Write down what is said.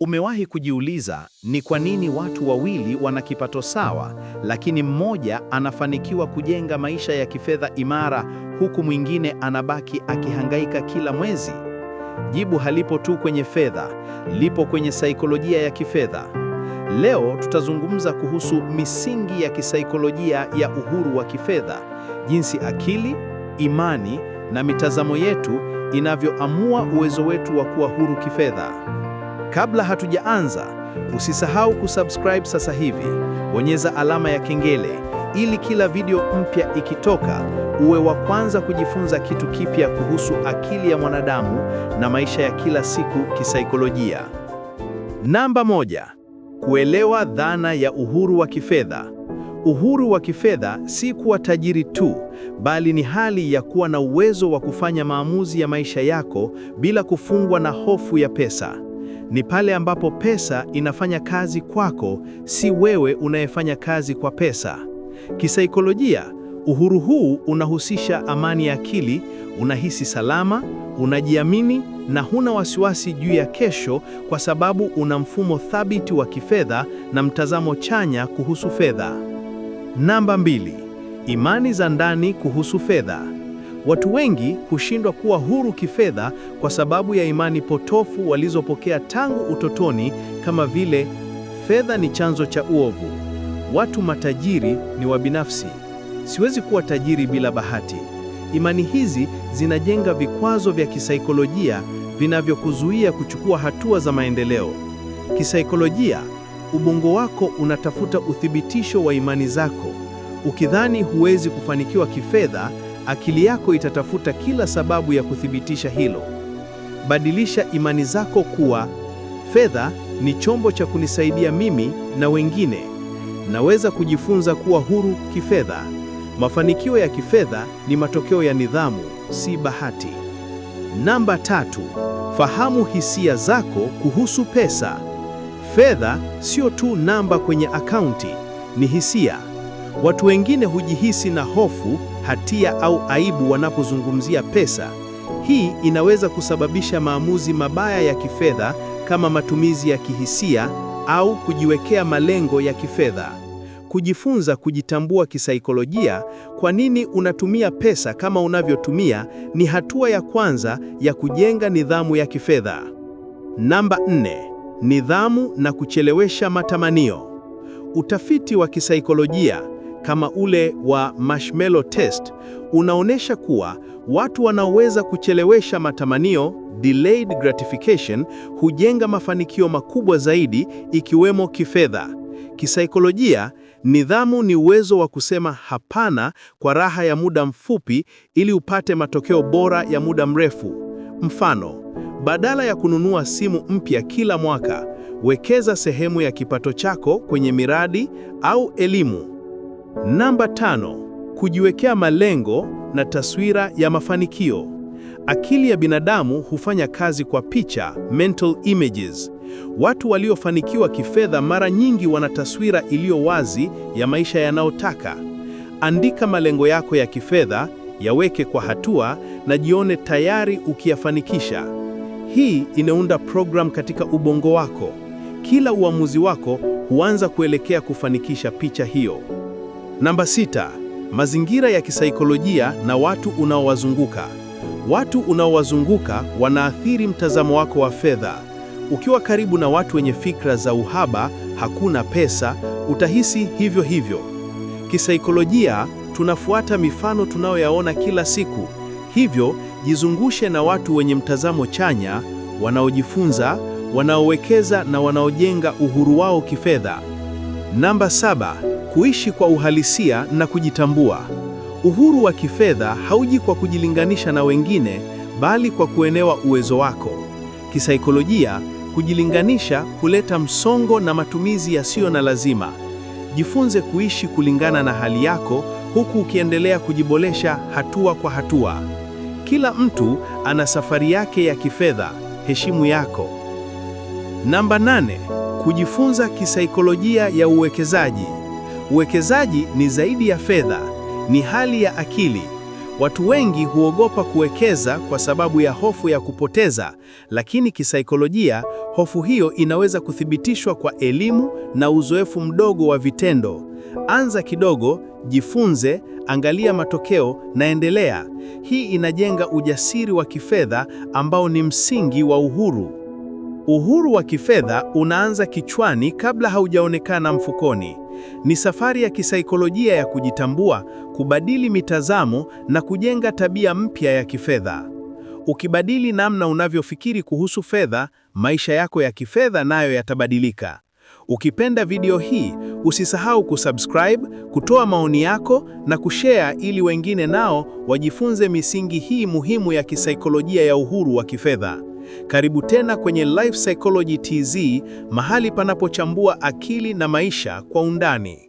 Umewahi kujiuliza ni kwa nini watu wawili wana kipato sawa lakini mmoja anafanikiwa kujenga maisha ya kifedha imara huku mwingine anabaki akihangaika kila mwezi? Jibu halipo tu kwenye fedha, lipo kwenye saikolojia ya kifedha. Leo tutazungumza kuhusu misingi ya kisaikolojia ya uhuru wa kifedha, jinsi akili, imani na mitazamo yetu inavyoamua uwezo wetu wa kuwa huru kifedha. Kabla hatujaanza, usisahau kusubscribe sasa hivi, bonyeza alama ya kengele ili kila video mpya ikitoka uwe wa kwanza kujifunza kitu kipya kuhusu akili ya mwanadamu na maisha ya kila siku kisaikolojia. Namba moja: kuelewa dhana ya uhuru wa kifedha. Uhuru wa kifedha si kuwa tajiri tu, bali ni hali ya kuwa na uwezo wa kufanya maamuzi ya maisha yako bila kufungwa na hofu ya pesa ni pale ambapo pesa inafanya kazi kwako, si wewe unayefanya kazi kwa pesa. Kisaikolojia, uhuru huu unahusisha amani ya akili, unahisi salama, unajiamini na huna wasiwasi juu ya kesho kwa sababu una mfumo thabiti wa kifedha na mtazamo chanya kuhusu fedha. Namba mbili, imani za ndani kuhusu fedha. Watu wengi hushindwa kuwa huru kifedha kwa sababu ya imani potofu walizopokea tangu utotoni kama vile fedha ni chanzo cha uovu. Watu matajiri ni wabinafsi. Siwezi kuwa tajiri bila bahati. Imani hizi zinajenga vikwazo vya kisaikolojia vinavyokuzuia kuchukua hatua za maendeleo. Kisaikolojia, ubongo wako unatafuta uthibitisho wa imani zako. Ukidhani huwezi kufanikiwa kifedha, akili yako itatafuta kila sababu ya kuthibitisha hilo. Badilisha imani zako kuwa fedha ni chombo cha kunisaidia mimi na wengine. Naweza kujifunza kuwa huru kifedha. Mafanikio ya kifedha ni matokeo ya nidhamu, si bahati. Namba tatu, fahamu hisia zako kuhusu pesa. Fedha sio tu namba kwenye akaunti, ni hisia. Watu wengine hujihisi na hofu, hatia au aibu wanapozungumzia pesa. Hii inaweza kusababisha maamuzi mabaya ya kifedha kama matumizi ya kihisia au kujiwekea malengo ya kifedha. Kujifunza kujitambua kisaikolojia, kwa nini unatumia pesa kama unavyotumia, ni hatua ya kwanza ya kujenga nidhamu ya kifedha. Namba nne, nidhamu na kuchelewesha matamanio. Utafiti wa kisaikolojia kama ule wa marshmallow test unaonyesha kuwa watu wanaoweza kuchelewesha matamanio delayed gratification hujenga mafanikio makubwa zaidi ikiwemo kifedha. Kisaikolojia, nidhamu ni uwezo wa kusema hapana kwa raha ya muda mfupi ili upate matokeo bora ya muda mrefu. Mfano, badala ya kununua simu mpya kila mwaka, wekeza sehemu ya kipato chako kwenye miradi au elimu. Namba tano, kujiwekea malengo na taswira ya mafanikio. Akili ya binadamu hufanya kazi kwa picha, mental images. Watu waliofanikiwa kifedha mara nyingi wana taswira iliyo wazi ya maisha yanayotaka. Andika malengo yako ya kifedha, yaweke kwa hatua na jione tayari ukiyafanikisha. Hii inaunda program katika ubongo wako. Kila uamuzi wako huanza kuelekea kufanikisha picha hiyo. Namba sita, mazingira ya kisaikolojia na watu unaowazunguka. Watu unaowazunguka wanaathiri mtazamo wako wa fedha. Ukiwa karibu na watu wenye fikra za uhaba, hakuna pesa, utahisi hivyo hivyo. Kisaikolojia tunafuata mifano tunayoyaona kila siku. Hivyo jizungushe na watu wenye mtazamo chanya, wanaojifunza, wanaowekeza na wanaojenga uhuru wao kifedha. Namba saba, kuishi kwa uhalisia na kujitambua. Uhuru wa kifedha hauji kwa kujilinganisha na wengine, bali kwa kuenewa uwezo wako. Kisaikolojia, kujilinganisha huleta msongo na matumizi yasiyo na lazima. Jifunze kuishi kulingana na hali yako, huku ukiendelea kujiboresha hatua kwa hatua. Kila mtu ana safari yake ya kifedha, heshimu yako. Namba nane, kujifunza kisaikolojia ya uwekezaji. Uwekezaji ni zaidi ya fedha, ni hali ya akili. Watu wengi huogopa kuwekeza kwa sababu ya hofu ya kupoteza, lakini kisaikolojia, hofu hiyo inaweza kuthibitishwa kwa elimu na uzoefu mdogo wa vitendo. Anza kidogo, jifunze, angalia matokeo na endelea. Hii inajenga ujasiri wa kifedha ambao ni msingi wa uhuru. Uhuru wa kifedha unaanza kichwani kabla haujaonekana mfukoni. Ni safari ya kisaikolojia ya kujitambua, kubadili mitazamo na kujenga tabia mpya ya kifedha. Ukibadili namna unavyofikiri kuhusu fedha, maisha yako ya kifedha nayo yatabadilika. Ukipenda video hii, usisahau kusubscribe, kutoa maoni yako na kushare ili wengine nao wajifunze misingi hii muhimu ya kisaikolojia ya uhuru wa kifedha. Karibu tena kwenye Life Psychology TZ, mahali panapochambua akili na maisha kwa undani.